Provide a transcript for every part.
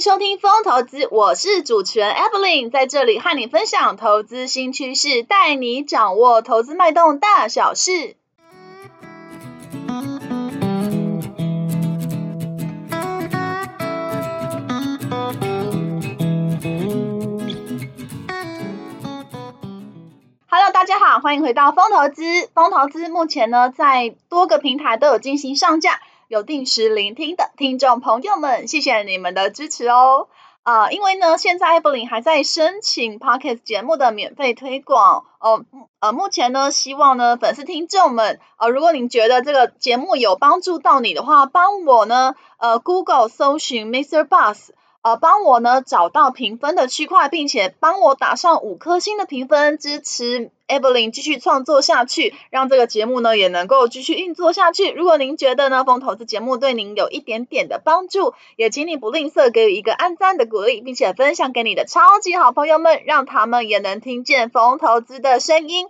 收聽瘋投資，我是主持人 Evelyn，在這裡和你分享投資新趨勢，帶你掌握投資脈動大小事。Hello，大家好，歡迎回到瘋投資。瘋投資目前呢，在多個平台都有進行上架。有定時聆聽的聽眾朋友們，謝謝你們的支持哦！啊、呃，因為呢，現在 Evelyn 還在申請 Podcast 節目的免費推廣哦、呃。呃，目前呢，希望呢，粉絲聽眾們，呃，如果您覺得這個節目有幫助到你的話，幫我呢，呃，Google 搜尋 Mr. Bus，呃，幫我呢找到評分的區塊，並且幫我打上五顆星的評分支持。艾 b e l n 繼續創作下去，讓這個節目呢也能夠繼續運作下去。如果您覺得呢風投資節目對您有一點點的幫助，也請你不吝嗇給予一個按讚的鼓勵，並且分享給你的超級好朋友們，讓他們也能聽見風投資的聲音。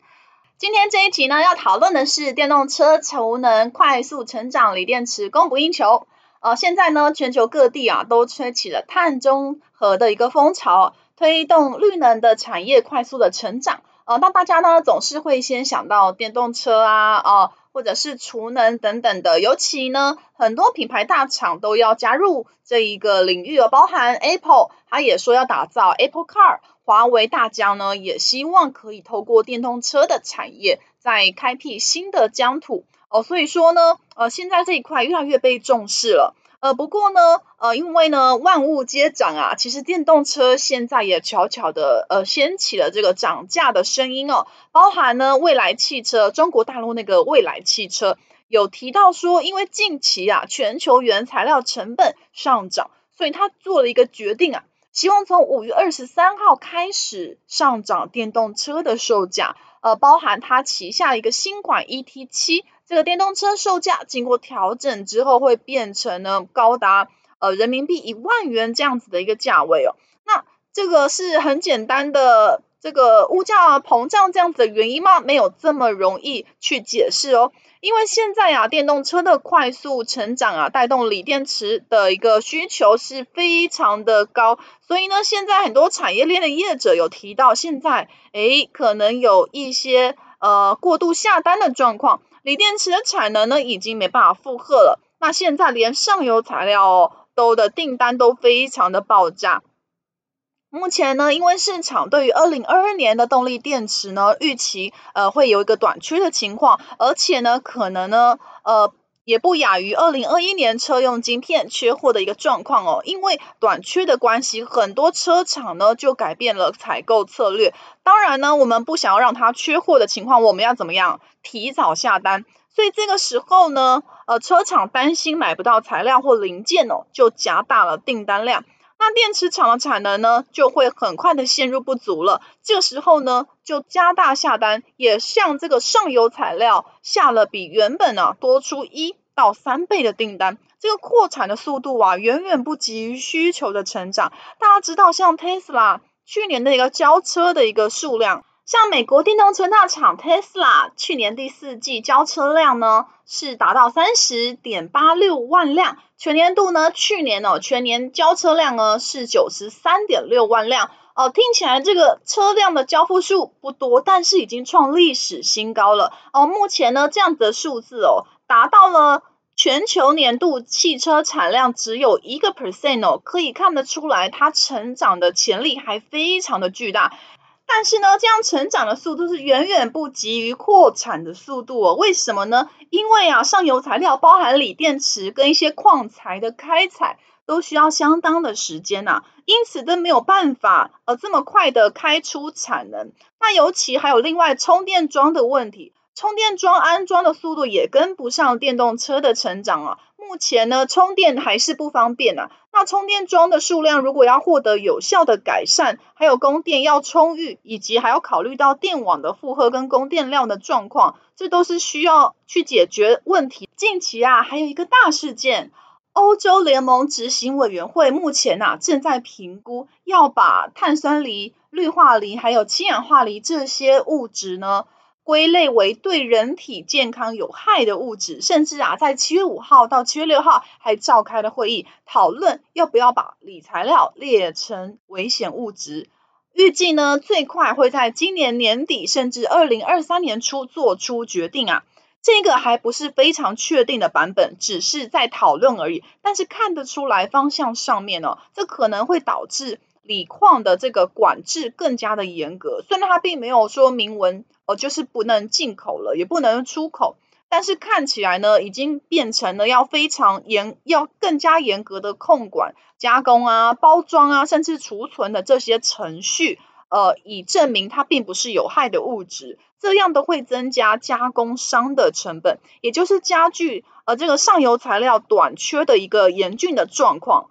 今天這一集呢，要討論的是電動車儲能快速成長，鋰電池供不應求。呃，現在呢，全球各地啊都吹起了碳中和的一個風潮，推動綠能的產業快速的成長。呃，那大家呢總是會先想到電動車啊，哦、呃，或者是儲能等等的。尤其呢，很多品牌大廠都要加入這一個領域，哦、呃，包含 Apple，他也說要打造 Apple Car，華為，大家呢也希望可以透過電動車的產業在開闢新的疆土哦、呃。所以說呢，呃，現在這一塊越來越被重視了。呃，不過呢，呃，因為呢，萬物皆漲啊，其實電動車現在也悄悄的呃，掀起了這個漲價的聲音哦。包含呢，蔚來汽車中國大陸那個蔚來汽車有提到說，因為近期啊，全球原材料成本上漲，所以他做了一個決定啊，希望從五月二十三號開始上漲電動車的售價，呃，包含它旗下一個新款 ET 七。這個電動車售價經過調整之後，會變成呢，高達呃人民幣一萬元這樣子的一個價位哦。那這個是很簡單的這個物價、啊、膨脹這樣子的原因嗎？沒有這麼容易去解釋哦。因為現在啊，電動車的快速成長啊，帶動鋰電池的一個需求是非常的高，所以呢，現在很多產業鏈的業者有提到，現在誒可能有一些呃過度下單的狀況。鋰電池的產能呢已經沒辦法負荷了，那現在連上游材料都的訂單都非常的爆炸。目前呢，因為市場對於二零二二年的動力電池呢預期呃會有一個短缺的情況，而且呢可能呢呃。也不亞於二零二一年車用晶片缺貨的一個狀況哦，因為短缺的關係，很多車廠呢就改變了採購策略。當然呢，我們不想要讓它缺貨的情況，我們要怎麼樣？提早下單。所以這個時候呢，呃，車廠擔心買不到材料或零件哦，就加大了訂單量。那電池廠的產能呢，就會很快的陷入不足了。這個、時候呢，就加大下單，也向這個上游材料下了比原本呢、啊、多出一到三倍的訂單。這個擴產的速度啊，遠遠不及於需求的成長。大家知道，像 Tesla 去年的一個交車的一個數量。像美國電動車大廠 Tesla 去年第四季交車量呢是達到三十點八六萬輛，全年度呢去年哦，全年交車量呢是九十三點六萬輛哦、呃，聽起來這個車輛的交付數不多，但是已經創歷史新高了哦、呃。目前呢這樣子的數字哦達到了全球年度汽車產量只有一個 percent 哦，可以看得出來它成長的潛力還非常的巨大。但是呢，這樣成長的速度是遠遠不及於擴產的速度哦。為什麼呢？因為啊，上游材料包含鋰電池跟一些礦材的開採，都需要相當的時間吶、啊。因此，都沒有辦法呃這麼快的開出產能。那尤其還有另外充電樁的問題，充電樁安裝的速度也跟不上電動車的成長啊。目前呢，充電還是不方便呢、啊。那充電樁的數量如果要獲得有效的改善，還有供電要充裕，以及還要考慮到電網的負荷跟供電量的狀況，這都是需要去解決問題。近期啊，還有一個大事件，歐洲聯盟執行委員會目前吶、啊、正在評估要把碳酸鋰、氯化鋰還有氫氧化鋰這些物質呢，歸類為對人體健康有害的物質，甚至啊，在七月五號到七月六號還召開了會議，討論要不要把鋰材料列成危險物質。預計呢，最快會在今年年底，甚至二零二三年初做出決定啊。這個還不是非常確定的版本，只是在討論而已。但是看得出來方向上面哦，這可能會導致鋰礦的這個管制更加的嚴格。雖然它並沒有說明文。哦、呃，就是不能進口了，也不能出口。但是看起來呢，已經變成了要非常嚴，要更加嚴格的控管加工啊、包裝啊，甚至儲存的這些程序。呃，以證明它並不是有害的物質，這樣都會增加加工商的成本，也就是加劇呃這個上游材料短缺的一個嚴峻的狀況。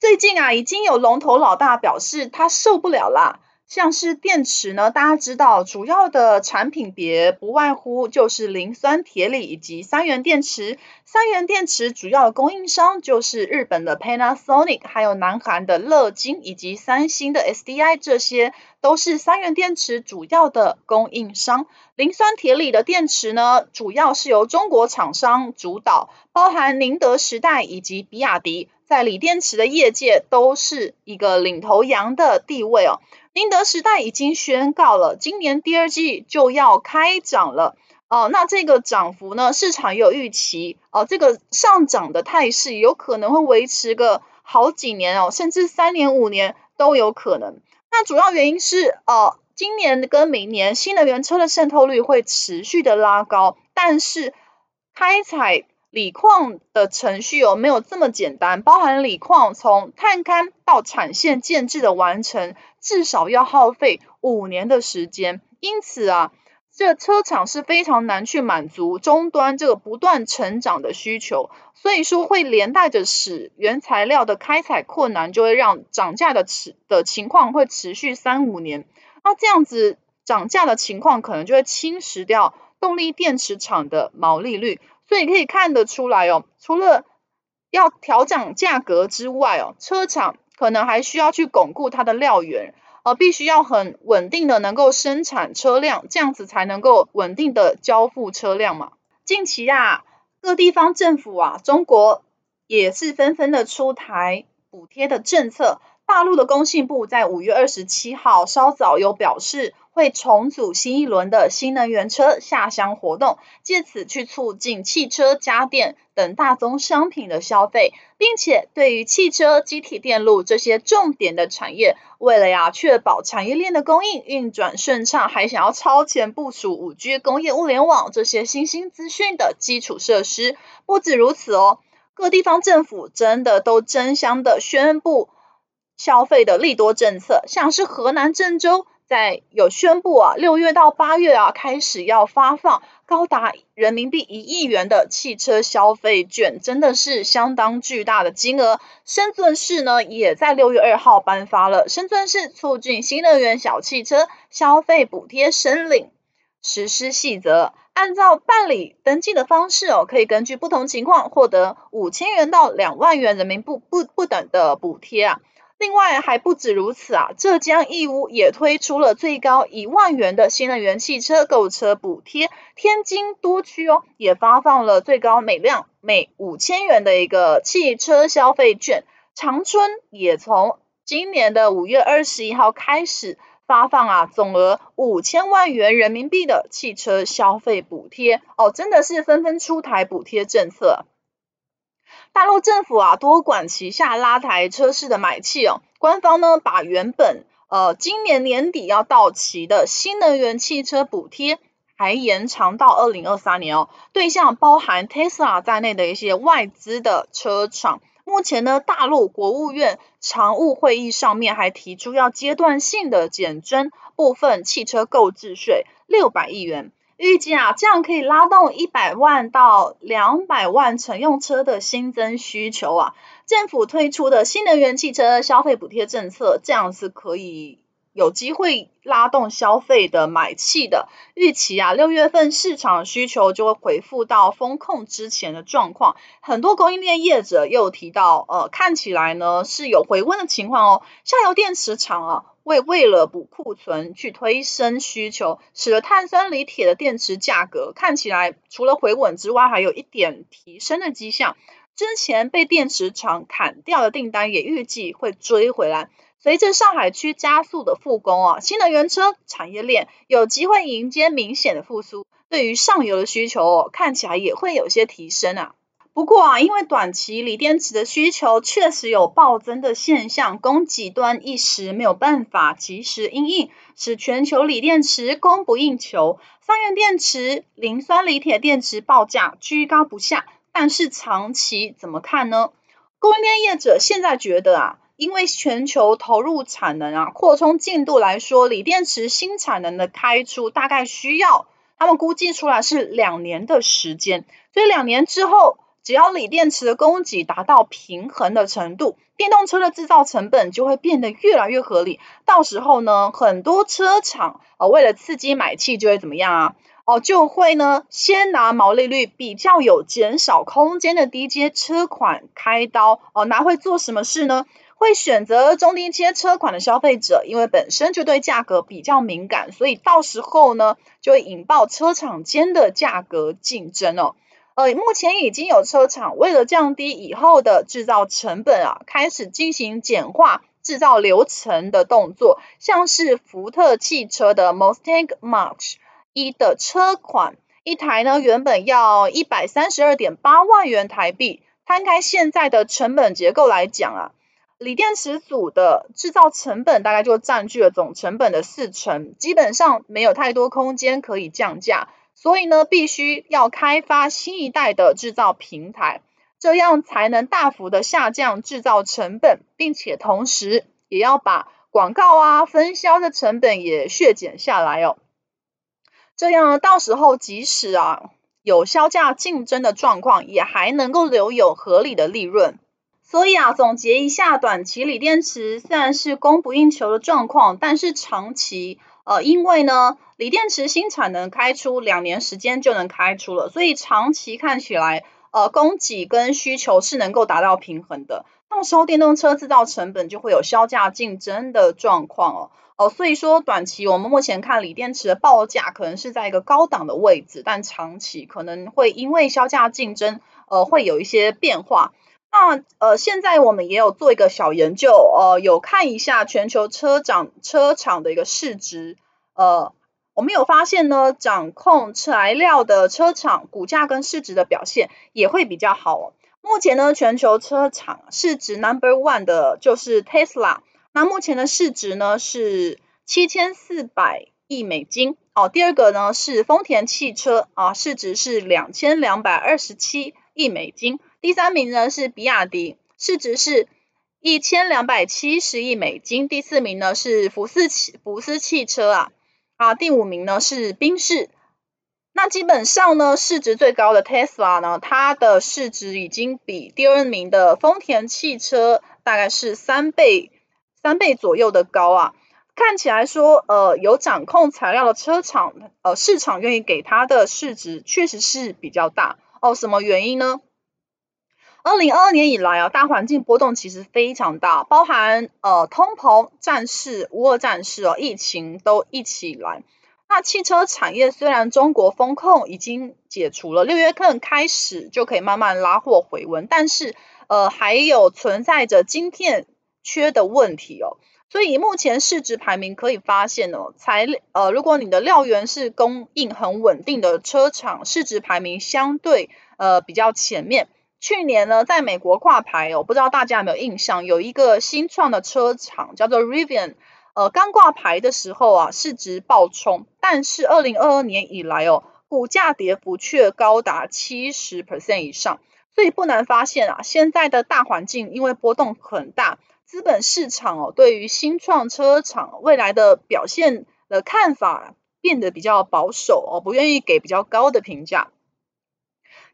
最近啊，已經有龍頭老大表示他受不了啦。像是電池呢，大家知道主要的產品別不外乎就是磷酸鐵鋰以及三元電池。三元電池主要供應商就是日本的 Panasonic，還有南韓的樂金以及三星的 SDI，這些都是三元電池主要的供應商。磷酸鐵鋰的電池呢，主要是由中國廠商主導，包含寧德時代以及比亞迪，在鋰電池的業界都是一個領頭羊的地位哦。寧德時代已經宣告了，今年第二季就要開漲了哦、呃。那這個漲幅呢？市場也有預期哦、呃。這個上漲的態勢有可能會維持個好幾年哦，甚至三年、五年都有可能。那主要原因是哦、呃，今年跟明年新能源車的滲透率會持續的拉高，但是開採鋰礦的程序有、哦、沒有這麼簡單？包含鋰礦從探勘到產線建置的完成，至少要耗費五年的時間。因此啊，這個、車廠是非常難去滿足終端這個不斷成長的需求，所以說會連帶着使原材料的開採困難，就會讓漲價的持的情況會持續三五年。那這樣子漲價的情況，可能就會侵蝕掉動力電池廠的毛利率。所以可以看得出來哦，除了要調整價格之外哦，車廠可能還需要去鞏固它的料源，而必須要很穩定的能夠生產車輛，這樣子才能夠穩定的交付車輛嘛。近期呀、啊，各地方政府啊，中國也是紛紛的出台補貼的政策。大陸的工信部在五月二十七號稍早有表示。會重組新一輪的新能源車下鄉活動，借此去促進汽車、家電等大宗商品的消費，並且對於汽車、積體電路這些重點的產業，為了呀、啊、確保產業鏈的供應運轉順暢，還想要超前部署 5G 工業物聯網這些新興資訊的基礎設施。不止如此哦，各地方政府真的都爭相的宣布消費的利多政策，像是河南鄭州。在有宣布啊，六月到八月啊，開始要發放高達人民幣一億元的汽車消費券，真的是相當巨大的金額。深圳市呢，也在六月二號頒發了《深圳市促進新能源小汽車消費補貼申領實施細則》，按照辦理登記的方式哦，可以根據不同情況獲得五千元到兩萬元人民幣不不不等的補貼啊。另外還不止如此啊，浙江義烏也推出了最高一萬元的新能源汽車購車補貼，天津多區哦也發放了最高每輛每五千元的一個汽車消費券，長春也從今年的五月二十一號開始發放啊，總額五千萬元人民幣的汽車消費補貼哦，真的是紛紛出台補貼政策。大陸政府啊，多管齊下，拉抬車市的買氣哦。官方呢，把原本呃今年年底要到期的新能源汽車補貼，還延長到二零二三年哦。對象包含 Tesla 在內的一些外資的車廠。目前呢，大陸國務院常務會議上面還提出要階段性的減徵部分汽車購置稅，六百億元。預計啊，這樣可以拉動一百萬到兩百萬乘用車的新增需求啊。政府推出的新能源汽車消費補貼政策，這樣是可以有機會。拉動消費的買氣的預期啊，六月份市場需求就會恢復到封控之前的狀況。很多供應鏈業者又提到，呃，看起來呢是有回溫的情況哦。下游電池廠啊，為為了補庫存去推升需求，使得碳酸鋰鐵的電池價格看起來除了回穩之外，還有一點提升的跡象。之前被電池廠砍掉的訂單也預計會追回來。隨着上海區加速的復工哦、啊，新能源車產業鏈有機會迎接明顯的復甦。對於上游的需求哦，看起來也會有些提升啊。不過啊，因為短期鋰電池的需求確實有暴增的現象，供給端一時沒有辦法及時應應，使全球鋰電池供不應求。三元電池、磷酸鋰鐵電池報價居高不下。但是長期怎麼看呢？供應鏈業者現在覺得啊。因為全球投入產能啊，擴充進度來說，鋰電池新產能的開出大概需要他們估計出來是兩年的時間。所以兩年之後，只要鋰電池的供給達到平衡的程度，電動車的制造成本就會變得越來越合理。到時候呢，很多車廠哦，為了刺激買氣就會怎麼樣啊？哦，就會呢，先拿毛利率比較有減少空間的低階車款開刀。哦，那會做什麼事呢？會選擇中低階車款的消費者，因為本身就對價格比較敏感，所以到時候呢，就會引爆車廠間的價格競爭哦。呃，目前已經有車廠為了降低以後的制造成本啊，開始進行簡化制造流程的動作，像是福特汽車的 Mustang Mach 一的車款，一台呢原本要一百三十二點八萬元台幣，攤開現在的成本結構來講啊。鋰電池組的制造成本大概就占據了總成本的四成，基本上沒有太多空間可以降價，所以呢，必須要開發新一代的制造平台，這樣才能大幅的下降制造成本，並且同時也要把廣告啊、分銷的成本也削減下來哦。這樣呢，到時候即使啊有削價競爭的狀況，也還能夠留有合理的利潤。所以啊，總結一下，短期鋰電池雖然是供不應求的狀況，但是長期，呃，因為呢，鋰電池新產能開出兩年時間就能開出了，所以長期看起來，呃，供給跟需求是能夠達到平衡的。到時候電動車制造成本就會有削價競爭的狀況哦。哦、呃，所以說短期我們目前看鋰電池的報價可能是在一個高檔的位置，但長期可能會因為削價競爭，呃，會有一些變化。那呃，現在我們也有做一個小研究，呃，有看一下全球車廠車廠的一個市值，呃，我們有發現呢，掌控材料的車廠股價跟市值的表現也會比較好哦。目前呢，全球車廠市值 Number One 的就是 Tesla，那目前的市值呢是七千四百億美金哦。第二個呢是豐田汽車啊，市值是兩千兩百二十七億美金。第三名呢是比亞迪，市值是一千兩百七十億美金。第四名呢是福斯汽福斯汽車啊，啊第五名呢是賓士。那基本上呢，市值最高的 Tesla 呢，它的市值已經比第二名的豐田汽車大概是三倍三倍左右的高啊。看起來說呃，有掌控材料的車廠呃市場願意給它的市值確實是比較大哦。什麼原因呢？二零二二年以來啊，大環境波動其實非常大，包含呃通膨、戰事、俄烏戰事哦，疫情都一起來。那汽車產業雖然中國風控已經解除了，六月份開始就可以慢慢拉貨回溫，但是呃還有存在着晶片缺的問題哦。所以目前市值排名可以發現哦，材呃如果你的料源是供應很穩定的車廠，市值排名相對呃比較前面。去年呢，在美國掛牌哦，不知道大家有沒有印象，有一個新創的車廠叫做 Rivian，呃，剛掛牌的時候啊，市值暴衝，但是二零二二年以來哦，股價跌幅卻高達七十 percent 以上，所以不難發現啊，現在的大環境因為波動很大，資本市場哦，對於新創車廠未來的表現的看法變得比較保守哦，不願意給比較高的評價。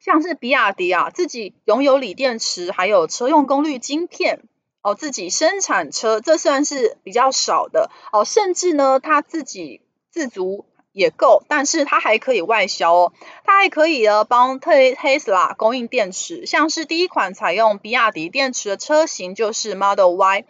像是比亞迪啊，自己擁有鋰電池，還有車用功率晶片，哦，自己生產車，這算是比較少的，哦，甚至呢，它自己自足也夠，但是它還可以外銷哦，它還可以呃幫特斯拉供應電池，像是第一款採用比亞迪電池的車型就是 Model Y。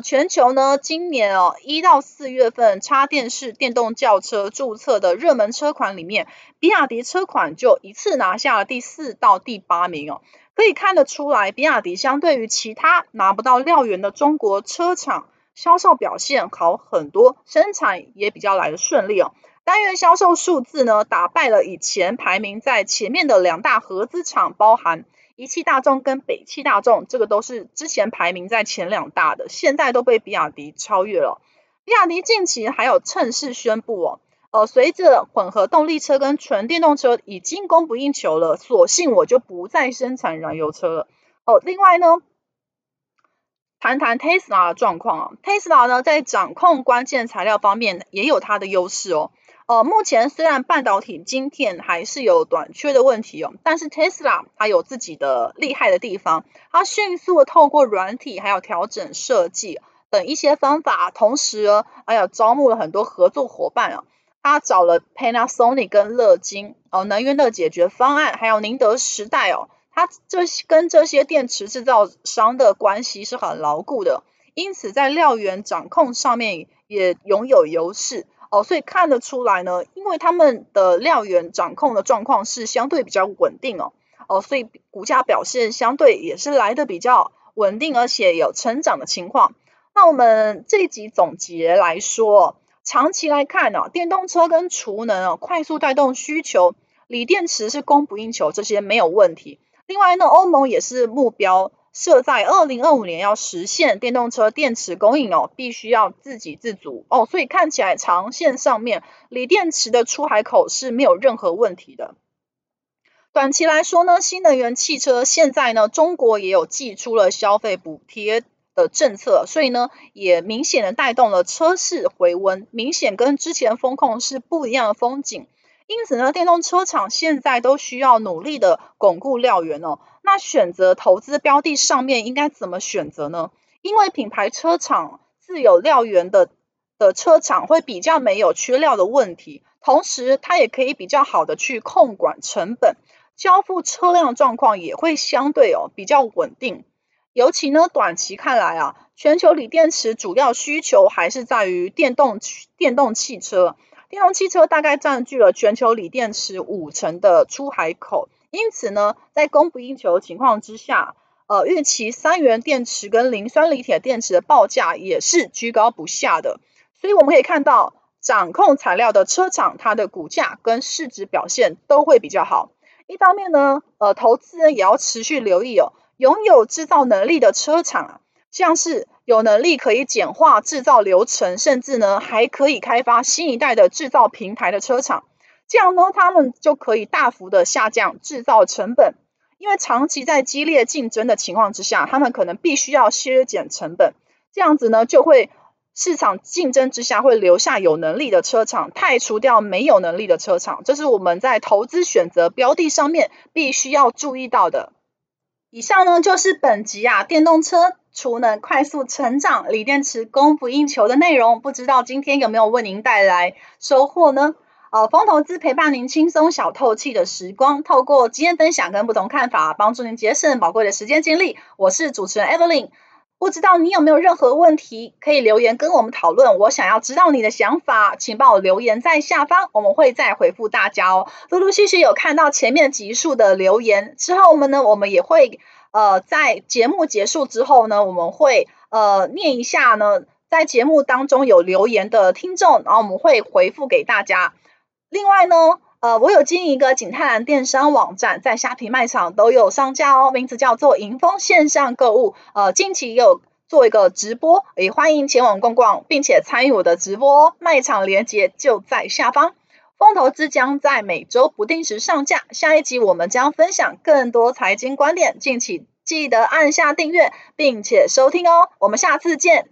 全球呢，今年哦，一到四月份插電式電動轎車注冊的熱門車款裡面，比亞迪車款就一次拿下了第四到第八名哦。可以看得出來，比亞迪相對於其他拿不到料源的中國車廠，銷售表現好很多，生產也比較來的順利哦。單月銷售數字呢，打敗了以前排名在前面的兩大合資廠，包含。一汽大眾跟北汽大眾，這個都是之前排名在前兩大的，現在都被比亞迪超越了。比亞迪近期還有趁勢宣布哦，呃，隨着混合動力車跟純電動車已經供不應求了，索性我就不再生產燃油車了。哦、呃，另外呢，談談 Tesla 的狀況啊，Tesla 呢在掌控關鍵材料方面也有它的優勢哦。呃，目前雖然半導體晶片還是有短缺的問題哦，但是 Tesla 它有自己的厲害的地方，它迅速透過軟體還有調整設計等一些方法，同時哎、啊、呀招募了很多合作夥伴啊、哦，它找了 Panasonic 跟樂金哦、呃，能源的解決方案，還有寧德時代哦，它這些跟這些電池製造商的關係是很牢固的，因此在料源掌控上面也擁有優勢。哦，所以看得出來呢，因為他們的料源掌控的狀況是相對比較穩定哦，哦，所以股價表現相對也是來得比較穩定，而且有成長的情況。那我們這一集總結來說，長期來看呢、啊，電動車跟儲能哦、啊，快速帶動需求，鋰電池是供不應求，這些沒有問題。另外呢，歐盟也是目標。設在二零二五年要實現電動車電池供應哦，必須要自給自足哦，所以看起來長線上面鋰電池的出海口是沒有任何問題的。短期來說呢，新能源汽車現在呢，中國也有祭出了消費補貼的政策，所以呢也明顯的帶動了車市回溫，明顯跟之前封控是不一樣的風景。因此呢，電動車廠現在都需要努力的鞏固料源哦。那選擇投資標的上面應該怎麼選擇呢？因為品牌車廠自有料源的的車廠會比較沒有缺料的問題，同時它也可以比較好的去控管成本，交付車輛的狀況也會相對哦比較穩定。尤其呢，短期看來啊，全球鋰電池主要需求還是在於電動電動汽車，電動汽車大概佔據了全球鋰電池五成的出海口。因此呢，在供不應求情況之下，呃，預期三元電池跟磷酸鋰鐵電池的報價也是居高不下的。所以我們可以看到，掌控材料的車廠，它的股價跟市值表現都會比較好。一方面呢，呃，投資人也要持續留意哦，擁有製造能力的車廠啊，像是有能力可以簡化製造流程，甚至呢，還可以開發新一代的製造平台的車廠。這樣呢，他們就可以大幅的下降制造成本，因為長期在激烈競爭的情況之下，他們可能必須要削減成本。這樣子呢，就會市場競爭之下會留下有能力的車廠，汰除掉沒有能力的車廠。這是我們在投資選擇標的上面必須要注意到的。以上呢，就是本集啊，電動車儲能快速成長，鋰電池供不應求的內容。不知道今天有沒有為您帶來收穫呢？呃，瘋投資陪伴您輕鬆小透氣的時光，透過經驗分享跟不同看法，幫助您節省寶貴的時間精力。我是主持人 Evelyn，不知道你有沒有任何問題可以留言跟我們討論？我想要知道你的想法，請幫我留言在下方，我們會再回覆大家哦。陸陸續續有看到前面集數的留言之後，我們呢，我們也會呃在節目結束之後呢，我們會呃念一下呢，在節目當中有留言的聽眾，然後我們會回覆給大家。另外呢，呃，我有經營一個景泰藍電商網站，在蝦皮賣場都有上架哦，名字叫做瑩豐線上購物。呃，近期有做一個直播，也歡迎前往逛逛，並且參與我的直播哦。賣場鏈接就在下方。瘋投資將在每週不定時上架，下一集我們將分享更多財經觀點，敬請記得按下訂閱並且收聽哦。我們下次見。